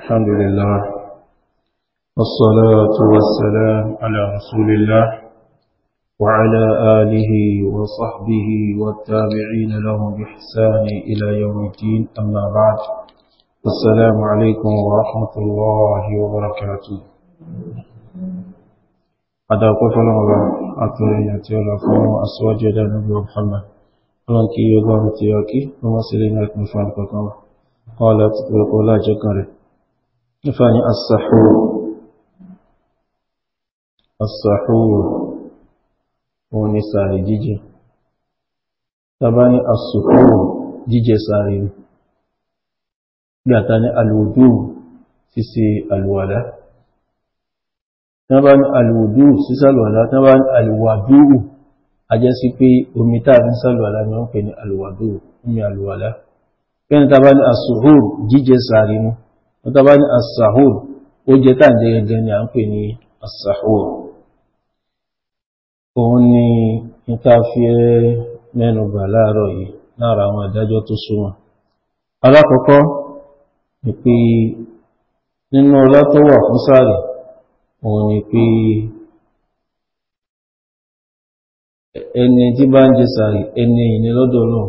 الحمد لله والصلاة والسلام على رسول الله وعلى آله وصحبه والتابعين لهم بإحسان إلى يوم الدين أما بعد السلام عليكم ورحمة الله وبركاته هذا قفل الله أتريني يتولى فهو أسواج نبي محمد ولكن يقول تياكي وما سلينات مفارقة قالت بالقلاج قريب nípa ní as-sahur as-sahur òun ni sàárì jíjẹ tàbá ní as-suhur jíjẹ sàárì gbàtà ní alwudu ṣíṣe alwàdá tàbá ní alwudu sísàlwàdá tàbá ní alwàdú ajẹ́ sí pé omi tàà ní sàlwàdá ni wọ́n pè ní alwàdú omi alwàdá kẹ́ni tàbá ní as jíjẹ sàárì mú ọ̀tọ́bá ní asahur oúnjẹ tá ń jẹ gẹ́gẹ́ ni a ń pè ní asahur òun ni níta fi láàárọ̀ yìí lára àwọn àdájọ́ tó súnmọ́ alákọ̀ọ́kọ́ ni pé nínú ọlá tó wà fún sààrì òun ni pé ẹni tí bá ń jẹ ẹni náà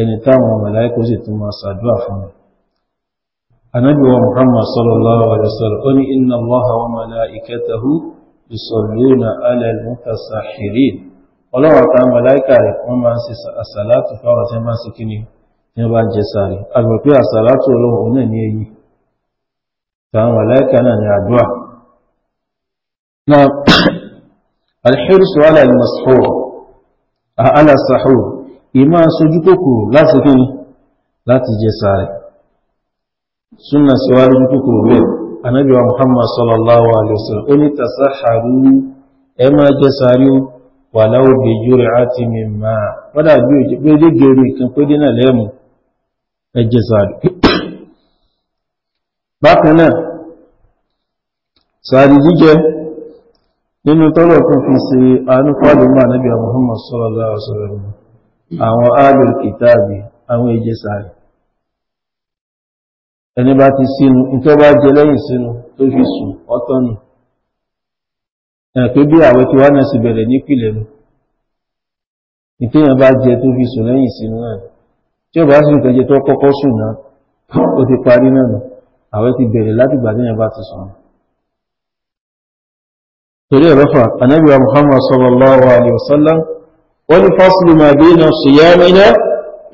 ẹni táwọn sì tún máa anábíwa muhammad sallallahu alaihi wasallam ó ní inna allaha wa malaikatahu yusalluna ala al-mutasahhirin ọlọ́wọ́ ta mọ̀láíkà rẹ̀ wọ́n máa ń ṣe àsàlátù fáwọn tí wọ́n bá ń ṣe kíni tí wọ́n bá ń jẹ sààrì agbọ̀n pé àsàlátù ọlọ́wọ́ náà ní èyí táwọn mọ̀láíkà náà ní àdúrà الحرص على المسحور على السحور ìmá sojú kòkòrò láti kí ni láti jẹ sààrì súnà síwájú kúkúrú rẹ̀ anábì wa muhammad sallallahu alaihi wasallam ó ní tasaharu ẹ máa jẹ sáré wà láwọ bèjú rẹ̀ àti mímá wọ́dà bí ó jẹ́ pé légèrè kan pé dínà lẹ́mù ẹ jẹ sáré bákan náà sáré jíjẹ nínú tọ́lọ̀ kan fi ṣe àánú fàdùmá anábì wa muhammad sallallahu alaihi wasallam àwọn alul kitabi àwọn ìjẹsàrí ẹni bá ti sínú nítorí bá jẹ lẹ́yìn sínú tó fi sùn ọ̀tọ̀nù ẹ̀pẹ́ bí àwẹ̀ tí wọ́n náà sì bẹ̀rẹ̀ nípìnlẹ̀ nu ìkéyàn bá jẹ tó fi sùn lẹ́yìn sínú náà tí ó bá sì tẹ̀jẹ̀ tó kọ́kọ́ sùn náà ó ti parí náà nù àwẹ̀ ti bẹ̀rẹ̀ láti gbà téèyàn bá ti sùn. torí ẹ̀rọ fà anábìwá Muhammad sallallahu alaihi wasallam wọ́n ní fásilì màbí náà sùn yá mi náà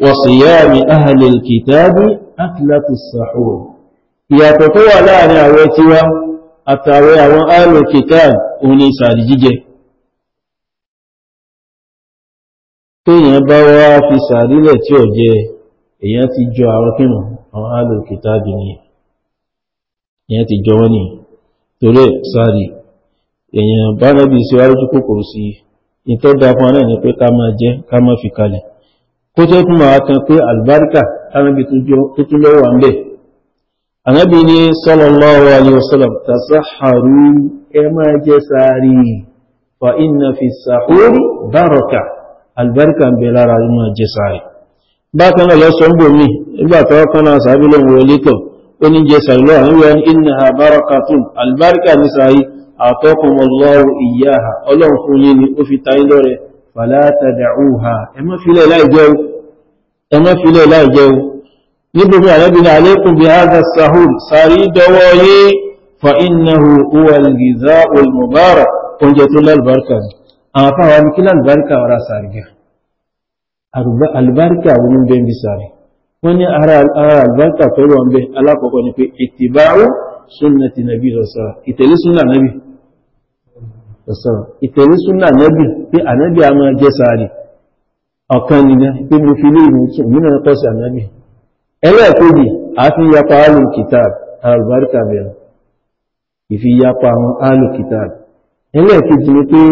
وصيام أهل الكتاب أكلة السحور ìyàtọ̀ tó wà láàrin àwẹ̀ tiwa àtàwẹ̀ àwọn ààrẹ kìtàb òun ni sààrì jíjẹ tó èyàn bá wá fi sààrì lẹ̀ tí ó jẹ èyàn ti jọ àwọn kínú àwọn ààrẹ kìtàb ní èyàn ti jọ wọ́n ní torí sààrì èyàn bá nẹ́bí síwájú kòkòrò sí ìtọ́dá fún ara ní pé ká máa jẹ ká máa fi kalẹ̀ kó tó tún máa kan pé àlùbáríkà tánàbí tó tún lọ́wọ́ wà ń bẹ̀ ànábì ní sallallahu alaihi wasallam tasaharu ẹ máa jẹ sàárì fa inna fi sahuri baraka àlùbáríkà ń bẹ lára ló máa jẹ sàárì bákan náà lọ́sọ̀ ń bò mí nígbà tó ọkàn náà sàábí lóhun wọlé tọ̀ ó ní jẹ sàárì lọ́wọ́ níwẹ̀ inna ha barakatun àlùbáríkà ní sàárì àtọ́kùn ọlọ́run ìyá ọlọ́run fún yín ni ó fi ta ilọ́rẹ̀ fàlá tàdàúhà ẹmọ́ filẹ̀ láì jẹun níbùkún àrẹ́bìnà alékùn bí haza sahur sàrí dọwọ́ yé fa innahu huwal ghizaul mubarak oúnjẹ tó lálùbáríkà àwọn afáwọn ní kí lálùbáríkà ara sàrí gẹ̀ alùbáríkà wọn bẹ́ ń bí sàrí wọ́n ní ara alùbáríkà tó rọ̀ ń bẹ́ alákọ̀ọ́kọ́ ni pé ìtìbáwó sunnati nabi rọ̀sára ìtẹ̀lé sunna nabi ọ̀sán ìtẹ̀rí súnà nẹ́bì pé ànẹ́bì a máa jẹ́ sàárì ọ̀kan nìyàn pé mo fi lè ìrùn tí òmìnà tọ́ sí ànẹ́bì ẹlẹ́ẹ̀kejì àfi yapa alùkìtàb alùbáríkà bẹ̀rẹ̀ ìfi yapa àwọn alùkìtàb ẹlẹ́ẹ̀kejì ni pé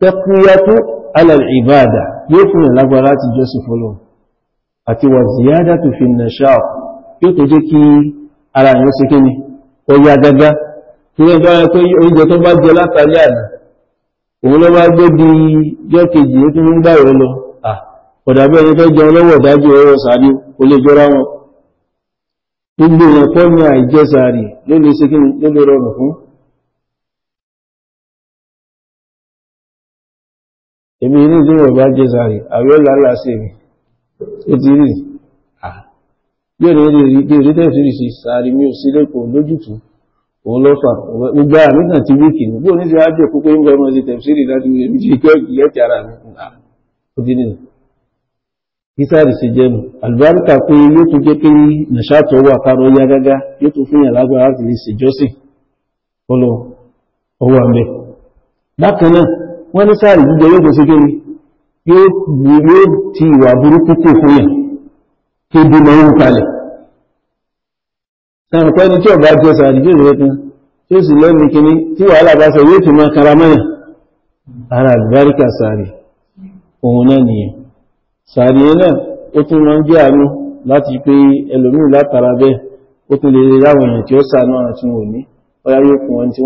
tẹ́kúyàtú alàlìbàdà yóò fún ìlágbára láti jọ́sìn fọ́lọ́ àti wà tí wọ́n bá pé oúnjẹ tó bá jẹ látàrí àná òun ló bá gbé bí jọ́ kejì ó tún ń gbàwẹ̀ lọ ọ̀dàbí ẹni tó jẹun lọ́wọ́ ọ̀dájú ẹ̀rọ sàárì ó lè jọra wọn gbogbo èèyàn kọ́ ní àìjẹ sàárì ló lè ṣe kí ló lè rọrùn fún èmi inú tí wọ́n bá jẹ sàárì àwẹ́ lálàá sí mi ó ti rí yóò ní rí tẹ́sìrì sí sàárì mi ò sí lẹ́kọ̀ọ́ lójútùú òun ló fà gbogbo ara mi kàn ti wíìkì ní bóun ní ti ájò kó pé ń bọ ọmọ ti tẹ̀síìrì láti wíìkì mi ti kẹ́ ìyẹ́ ti ara mi ó ti nìyẹn kísáàrì sì jẹ́ nù àlùbáríkà pé yóò tún jẹ́ pé nàṣàtọ̀ wà káró yá gágá yóò tún fún yàn lágbára láti lè ṣèjọ́sìn ọlọ ọwọ́ àmì bákan náà wọ́n ní sáàrì jíjẹ yóò tó sí kí yóò ti ìwà burúkú kò fún yàn kí mọ́ ń kalẹ̀ sáàrùn pẹ́ni tí ọba jẹ́ sàrìjì rẹ̀ kan tí ó sì lẹ́nu kìíní tí wàhálà bá sọ yóò tún máa kara mọ́yà ara àgbáríkà sàrì òun náà nìyẹn sàrì yẹn náà ó tún máa ń jẹ́ àánú láti pé ẹlòmíì látara bẹ́ẹ̀ ó tún lè ráwọn èèyàn tí ó sànú àwọn tí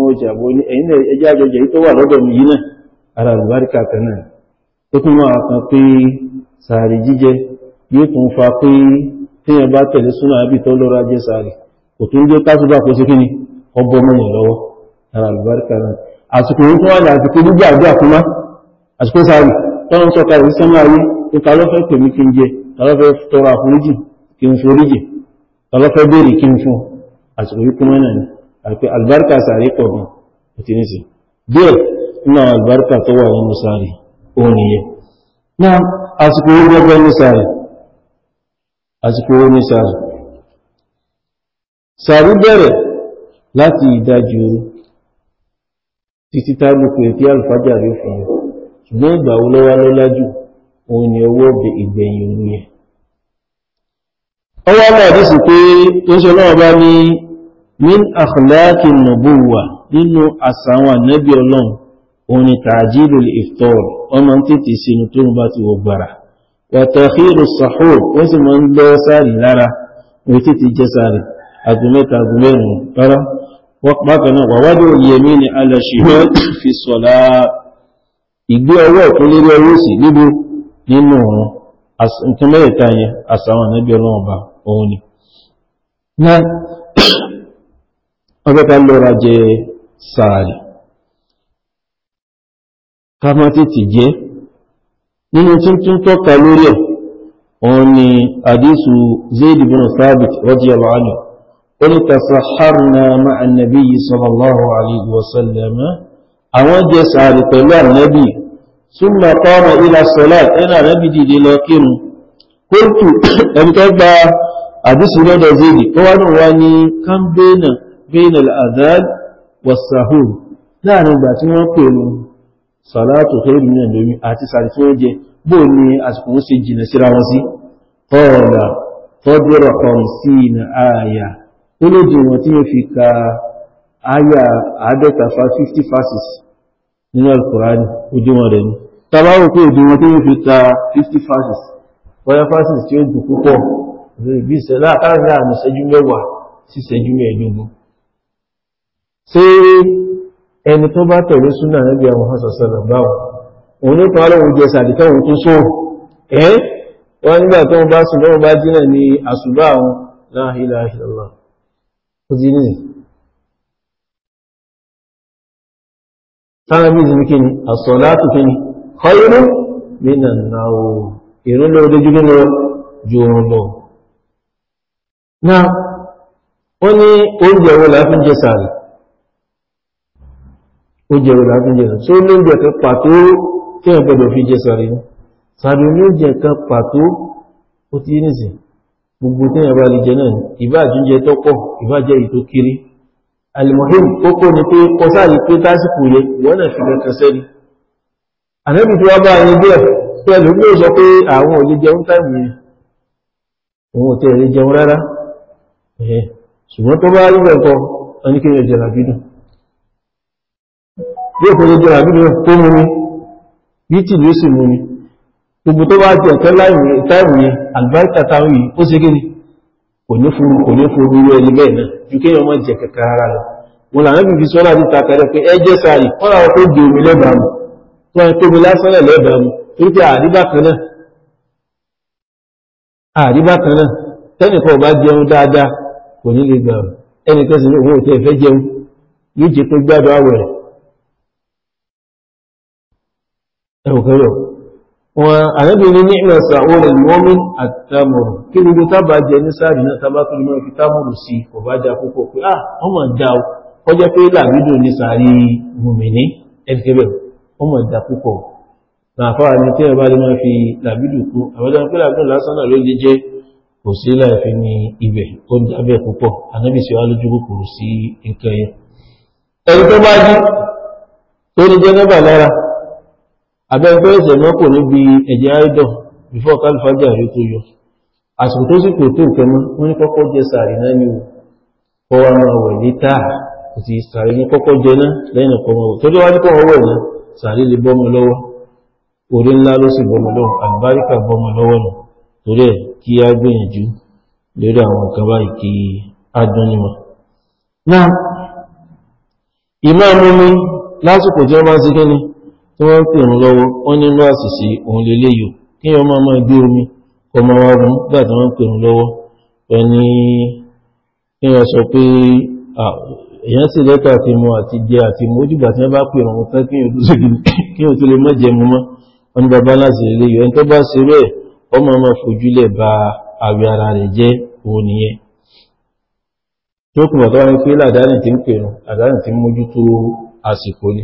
wọn ò ní kò tó ń jẹ́ tásùbà kó sí kí ni ọgbọ́ mọ́yàn lọ́wọ́ ara àlùbáríkà náà àsìkò yìí tó wà ní àsìkò gbígbà àdúrà fún má àsìkò sáré tọ́rọ sọ́ka ìrí sánmà ayé tó ta lọ́fẹ́ pè mí kí n jẹ ta lọ́fẹ́ tọrọ àforíjì kí n foríjì ta lọ́fẹ́ béèrè kí n fún àsìkò yìí kúmọ́ náà ni àpẹ àlùbáríkà sáré pọ̀ gan ó ti níṣe díẹ̀ nínú àwọn àlùbáríkà tó wà nínú sáré òun nìyẹn náà àsìkò yìí gbẹgbẹ ní sáré àsìkò yìí ní sáré sàrú bẹ̀rẹ̀ láti ìdájú oru títí tábùkù ètí àlùfájà rí fún un ṣùgbọ́n ìgbà wo lọ́wọ́ lọ́lájú òun ni owó ọbẹ̀ ìgbẹ̀yìn oru yẹn ọwọ́ mọ̀ àdísì pé oúnjẹ náà bá ní min akhlaqi nubuwa nínú àsàwọn ànábì ọlọ́run òun ni tààjílù ìftọ́r ọmọ títí sínú tó ń bá ti wọ gbàrà wàtàkìrù sàhó ó sì mọ́ ń lọ sáàrì lára wọ́n títí jẹ́ sáàrì aago mẹ́ta aago mẹ́rin rárá bákan náà wàwádò yẹmí ni aláṣìíwá fi sọ̀lá ìgbé ọwọ́ ọ̀tún lérí ọwọ́ òsì níbo nínú ọ̀run nǹkan mẹ́ẹ̀ta yẹn àsàwọn ànábì ọlọ́run ọba òun ni na ọbẹ̀ ká lọ́ra jẹ sàárì ká má nínú tí tọ́ka lórí ẹ̀ òun ni àdísù zayd ibn sabit radiyallahu olùtàṣàhárùnà ma annabi sallallahu alaihi wasallam àwọn jẹ sàárì pẹ̀lú annabi súnmà kọ́mà ilá sọ́lá ẹ̀nà annabi dìde lọ kírun kóòtù ẹ̀mítọ́ gba àdísù lọ́dọ̀ zèdì tó wá náà wá ní kan bẹ́ẹ̀nà bẹ́ẹ̀nà al'adad wasahur láàrin ìgbà tí wọ́n pèrò sàlátò fẹ́rù ní ẹ̀dọ́mí àti sàárì tí wọ́n jẹ bóò ní àsìkò ó sì jìnà síra wọn sí tọ́ọ̀lá tọ́dúrọ̀ kọ̀ọ̀sí na ó lòdì wọn tí ó fi ka áyà àádọ́ta fa 50 verses nínú alkùránì òdíwọ̀n rẹ̀ ni tàbáwò pé òdíwọ̀n tí ó fi ka 50 verses wọ́yá verses tí ó gùn púpọ̀ bí ìṣẹ̀lá àkáàrà àmì ìṣẹ́jú mẹ́wàá sí ìṣẹ́jú mẹ́ẹ̀ẹ́dógún ṣé ẹni tó bá tẹ̀lé súnà níbi àwọn hasasana báwọn òun ní pàálọ̀ òun jẹ sàdìkọ́ òun tó sóò ẹ́ wọ́n nígbà tó bá sùn lọ́wọ́ bá dínà ní àsùbá àwọn la òjì ní sáàbí ìsinmi kí ni àsọ̀látù kí ni kọ́yìnú nínà náà ìrún lọ dojú nínú ju oòrùn lọ náà ó ní oúnjẹ wo la fi ń jẹ sàárì oúnjẹ wo la fi ń jẹ sàárì tó lóúnjẹ kan pàtó tí wọ́n gbọ́dọ̀ fi jẹ sàárì ni sàárì oúnjẹ kan pàtó ó ti ní gbogbo tí ẹ̀bá lè jẹ náà ìbá àtúnjẹ tọ́pọ̀ ìbá jẹ́ ìtò kiri alimohim kókó ni pé kọsáàrí pé tásìkò yẹ wọ́n náà fi lẹ́kàn sẹ́ni ànẹ́bì tí wá bá ẹni bẹ́ẹ̀ pẹ̀lú bí ó sọ pé àwọn ò lè jẹun táìmù yẹn òun ò tẹ̀ lè jẹun rárá ẹ̀hẹ́ ṣùgbọ́n tó bá rí bẹ́ẹ̀ kọ ẹni kí yẹn jẹrà bídùn bí òkú lè jẹrà bídùn kó mu ni bí tìlú sì mu ni gbogbo tó bá ti ẹ̀tọ́ láìwé àlùbáríkà táwọn yìí ó ṣe gíní kò ní fún kò ní fún irú ẹni bẹ́ẹ̀ náà ju kéèyàn mọ́ jẹ kẹkẹ ara lọ wọn làwọn bí fi sọ́lá ti takẹrẹ pé ẹjẹ́ sáàyè wọ́n làwọn tó di omi lẹ́bàá mu tó wọn wọn àrẹ́bìnrin ní ìmọ̀ sàúrẹ̀ ìwọ́mí àtàmọ̀rù kí ni tábà jẹ ní sáàrì náà tábà tó lè fi támọ̀rù sí kò bá já púpọ̀ pé ah ọmọ dá o ó jẹ́ pé làbídò ní sàárì mùmìní ẹgbẹ̀rẹ̀ ọmọ dá púpọ̀ náà fáwà ní tí ẹ̀bá lè máa fi làbídò kú àwọ́jọ́ pé làbídò lásán náà ló jẹ́ kò sí láìfi ní ibẹ̀ ó dábẹ́ púpọ̀ anábì sí wá lójú kòkòrò sí abẹ́gbẹ́ ẹ̀sẹ̀ mọ́kò níbi ẹ̀jẹ̀ àìdọ̀ before kálífàjà rí tó yọ àsìkò tó sì kò tó nǹkan wọ́n ní kọ́kọ́ jẹ sàárì náà ni kọ́ wa máa wẹ̀ ní táà kò sì sàárì ní kọ́kọ́ jẹ náà lẹ́yìn ọ̀pọ̀ wọn tó wá ní kọ́ wọ́n wẹ̀ náà sàárì lè bọ́mọ lọ́wọ́ orí ńlá ló sì bọ́mọ lọ́wọ́ àlùbáríkà bọ́mọ lọ́wọ́ nù torí ẹ̀ kí á gbìyànjú lórí àwọn nǹkan báyìí mi lásìkò tí wọ́n bá ń ṣe kí ni tí wọ́n ń pè ń lọ́wọ́ wọ́n nínú àṣìṣe òun lélẹ́ yìí kí wọ́n máa máa gbé omi ọmọ wa rún nígbà tí wọ́n ń pè ń lọ́wọ́ ẹni kí wọ́n sọ pé èèyàn sì lẹ́tọ̀ àti mu àti jẹ àti mu ojúgbà tí wọ́n bá pè ọ̀hún tán kí wọ́n tó lè mọ́ jẹ mọ́ wọn ni baba láti lélẹ́ yìí ẹni tó bá ṣe bẹ́ẹ̀ ọmọ ọmọ fojúlẹ̀ ba àwẹ̀ ara rẹ̀ jẹ́ òun nìyẹn tó kùnbọ̀ tó wá ní pé làdánì ti ń pèrún àdánì ti ń mójútó àsìkò ni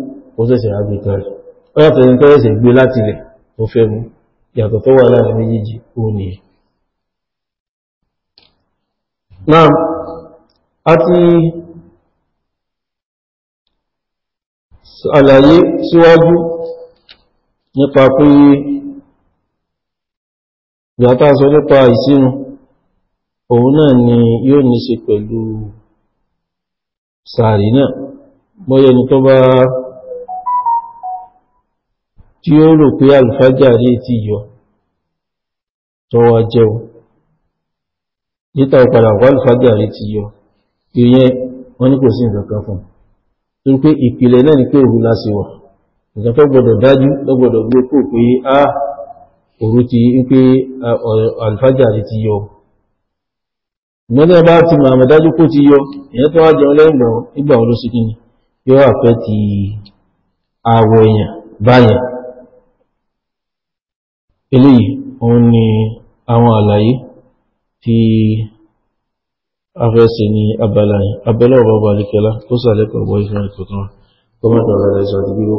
ó sẹ̀sẹ̀ àgbè kan ó yàtọ̀ ní tọ́wọ́sẹ̀ gbé láti rẹ̀ tó fẹ́ mú yàtọ̀ tó wà láàrin méjèèjì ó ní náà a ti àlàyé síwájú nípa pé ìyàtọ̀ sọ nípa ìsinu òun náà ni yóò ní ṣe pẹ̀lú sàárì náà mọ́yẹni tó bá tí ó rò pé alfajari ti yọ tó wá jẹun níta ọ̀padà wà alfajari ti yọ ìyẹn wọ́n ní kò sí nǹkan fún torí pé ìpìlẹ̀ náà ni pé òru la sì wà nǹkan tó gbọdọ̀ dájú ló gbọdọ̀ gbé kò pé a òru ti ń pé alfajari ti yọ ìgbọ́dọ̀ bá ti mọ̀ dájú kó ti yọ ìyẹn tó wá jẹun ìgbà wọn ni yóò àfẹ́ ti àwọ̀ èèyàn báyẹn eléyìí òun ni àwọn àlàyé tí a fẹ́ ṣe ní abala yìí abẹ́lẹ̀ ọba ọba alikẹ́lá tó sàlẹ́kọ̀ ọgbọ́ ìfẹ́ ìkọ̀kan kọmọ̀tọ̀ rẹ̀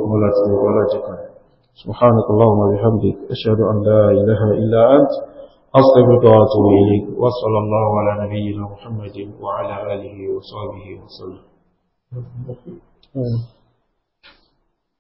wọ́n láti wọ́n láti kan سبحانك اللهم وبحمدك أشهد أن لا إله إلا أنت أستغفرك وأتوب إليك وصلى الله على نبينا محمد وعلى آله وصحبه وسلم